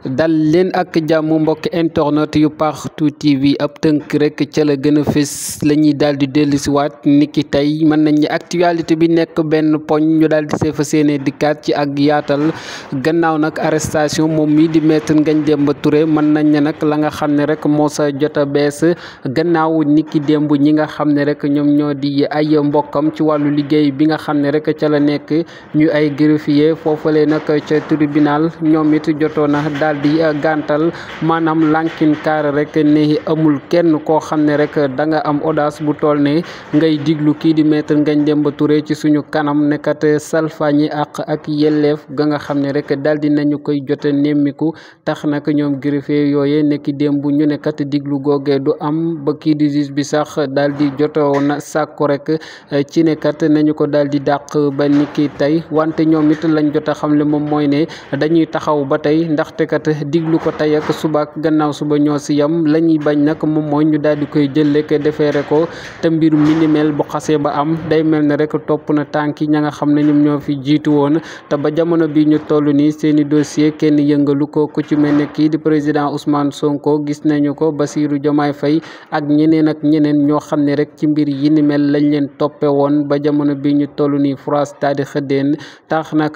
dal leen ak jàmm mbokk internet yu partout tv ab tënk rek ca la gën a fés la ñuy daal di dellusiwaat niki tey mën nañ actualité bi nekk benn poñ ñu daal di see fa seenee dikkaat ci ak yaatal gannaaw nag arrestation moom mii di ngañ dem ba ture mën nañ ne nag la nga xam ne rek moo sa jot a bees gannaaw niki démb ñi nga xam ne rek ñoom ñoo di ay mbokkam ci wàllu liggéey bi nga xam ne rek ca la nekk ñu ay greffier foofalee nag ca tribunal daal di eh, gàntal maanaam lankin kaar rek ne amul kenn koo xam ne rek da nga am audace bu tool ne ngay diglu kii di maître Ngagne Demba Touré ci suñu kanam nekkat eh, salfañi àq ak yelleef ga nga xam ne rek daal di nañu koy jote nemmiku tax nag ñoom greffier yooye nekki bu ñu nekkat diglu googee du am ba kii di bi sax daal di jotoon sàkku rek eh, ci nekkat nañu ko daal di dàq ba niki tey wante ñoom it lañ jot a xamle mooy ne dañuy taxaw ba tey ndaxte kat kat diglu ko tey ak suba ak gannaaw suba ñoo si yam la ñuy bañ nak moom mooy ñu daal di koy jël rek defeere ko te mbir mi bu xasee ba am day mel ne rek topp na tànk yi ña nga xam ne ñoom ñoo fi jiitu woon te ba jamono bi ñu toll nii seen i dossier kenn yëngalu ko ku ci mel ne kii di président Ousmane Sonko gis nañu ko Bassirou Diomaye Faye ak ñeneen ak ñeneen ñoo xam ne rek ci mbir yi ni mel lañ leen toppe woon ba jamono bi ñu toll nii France daal di xëddeen tax nag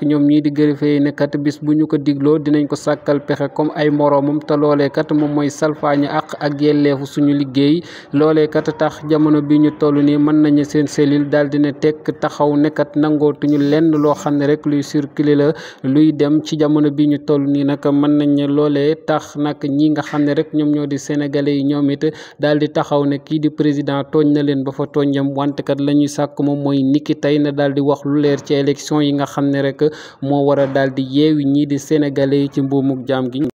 di pexe comme ay moroomam te loolee kat moom mooy salfaañi àq ak yelleefu suñu liggéey loolee kat tax jamono bi ñu toll nii mën nañu seen cellule daal ne tekk taxaw nekkat nangootuñu lenn loo xam ne rek luy circuler la luy dem ci jamono bi ñu toll nii nag mën nañ loolee tax nag ñi nga xam ne rek ñoom ñoo di sénégale yi ñoom it daal di taxaw ne kii di président tooñ na leen ba fa tooñam wante kat la ñuy sàkk moom mooy nikki tey na daal di wax lu leer ci yi nga xam ne gi